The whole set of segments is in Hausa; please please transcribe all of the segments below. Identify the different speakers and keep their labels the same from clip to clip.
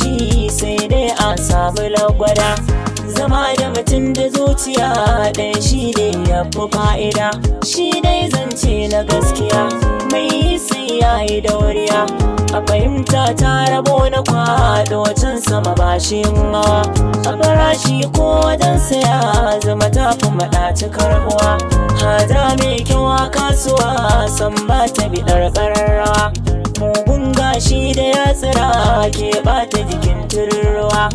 Speaker 1: shi sai dai a samu lagwada zama da mutum da zuciya ɗaya shi ne ya fi fa'ida shi dai zance na gaskiya mai yi sai ya yi dauriya a fahimta ta rabo na kwaɗo can sama bashin hawa a farashi ko wajen saya zama ta fi maɗaci karbuwa hada mai kyau kasuwa san ba ta biɗar ƙararrawa mugun gashi da ya tsira ke ɓata jikin tururuwa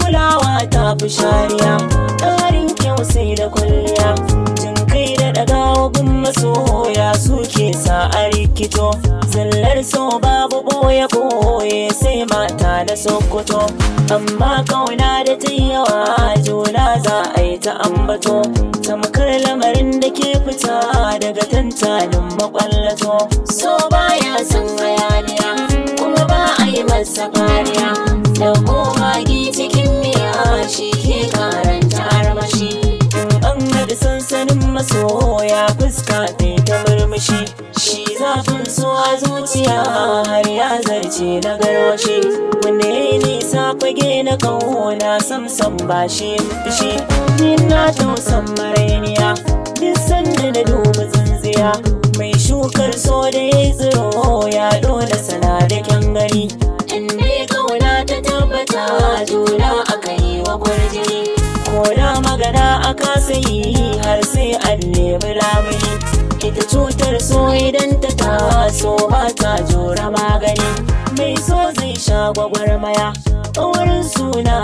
Speaker 1: kulawa ta fi shariya tsarin kyau sai da kwalliya ya suke sa a rikito zallar so babu boye boye sai mata da sokoto amma kauna da ta yawa juna za a yi ta ambato tamkar lamarin da ke fita daga tantanin makwallato so baya san hayaniya kuma ba a yi masa kariya da koma cikin miya shi ke karanta. shi shi zafin su a zuciya har ya zarce na garwashi wanda ya yi nisa fage na kauna samsam ba shi fushi ni na tausan marainiya duk sanda na duba zanziya mai shukar so da ya zuro ya dole sana da kyan gari in dai kauna ta tabbata juna aka yi wa kwarjini ko magana aka sayi har sai an nemi lamuni ita so idan ta taso ba ta jora magani mai so zai sha gwagwarmaya a wurin suna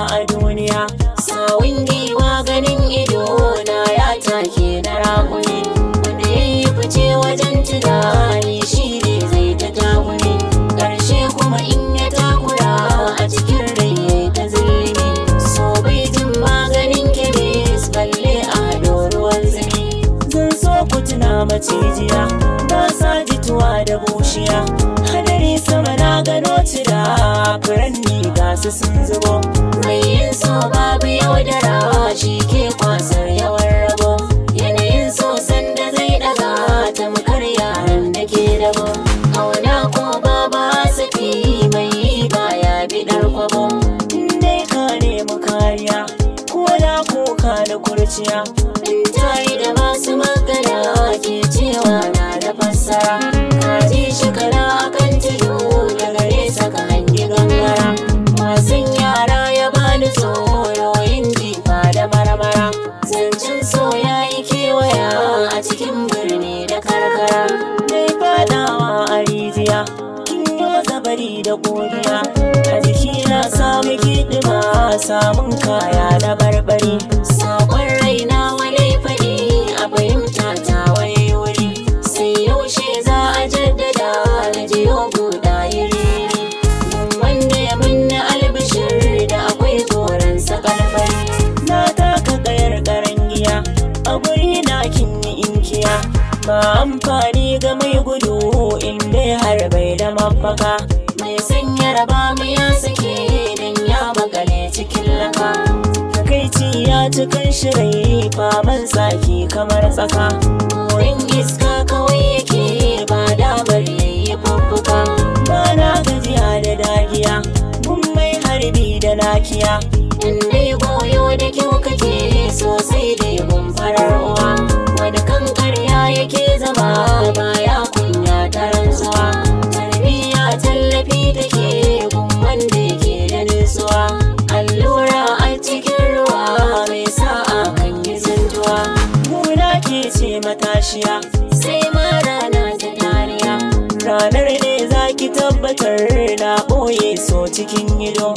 Speaker 1: na macijiya na sa jituwa da bushiya hadari sama na gano cira furanni gasu sun zubo mai yin so babu yau da rawa shi ke kwasar yawan rabo yanayin so da zai daga tamkar yaran da ke rabo auna ko su fi mai yi bi dar kwabo dai ka nemi kariya ko da kuka da kurciya gangara kaji shekara akan tudu da gare saka hangi gangara masun yara ya bani tsoro yoyin jifa da marmara zancen so ya yi kewaya a cikin birni da karkara dai fadawa a rijiya zabari da godiya a jiki na samu a samun kaya da ba amfani ga mai gudu inda har bai da mafaka mai sanya raba mu ya sake dan ya bakale cikin laka takaici ya cikin shirai faman saki kamar tsaka wurin iska kawai yake ba damar yayi bubuka ba na gajiya da dagiya mun mai harbi da nakiya in dai goyo da kyau kake sosai matashiya sai ma rana ta tariya ranar ne za ki tabbatar na ɓoye so cikin ido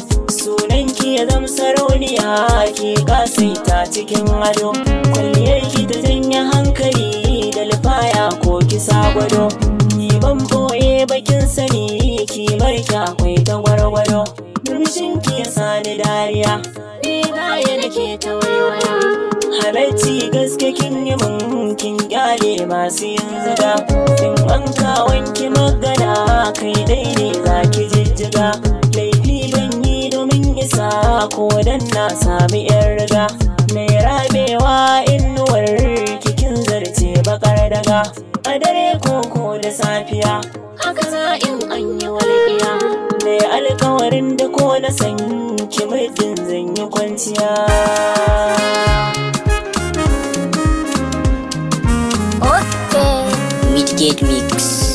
Speaker 1: ki ya zam sarauniya ki kasaita cikin ado ki ta janye hankali da lifaya ko kisa gwado ni ban boye bakin sani ki ki akwai ta gwargwado ki ya sani dariya ni baya nake ta waiwaya halarci gaskiya in kin masu yin ziga in wanka wanki magana kai daidai za ki jijjiga laifi ban yi domin isa ko dan na sami yan riga mai rabewa inuwar kikin zarce bakar daga a dare koko da safiya haka za in an yi walƙiya mai alkawarin da ko na sanyi ki muddin zan yi kwanciya Wicked Mix.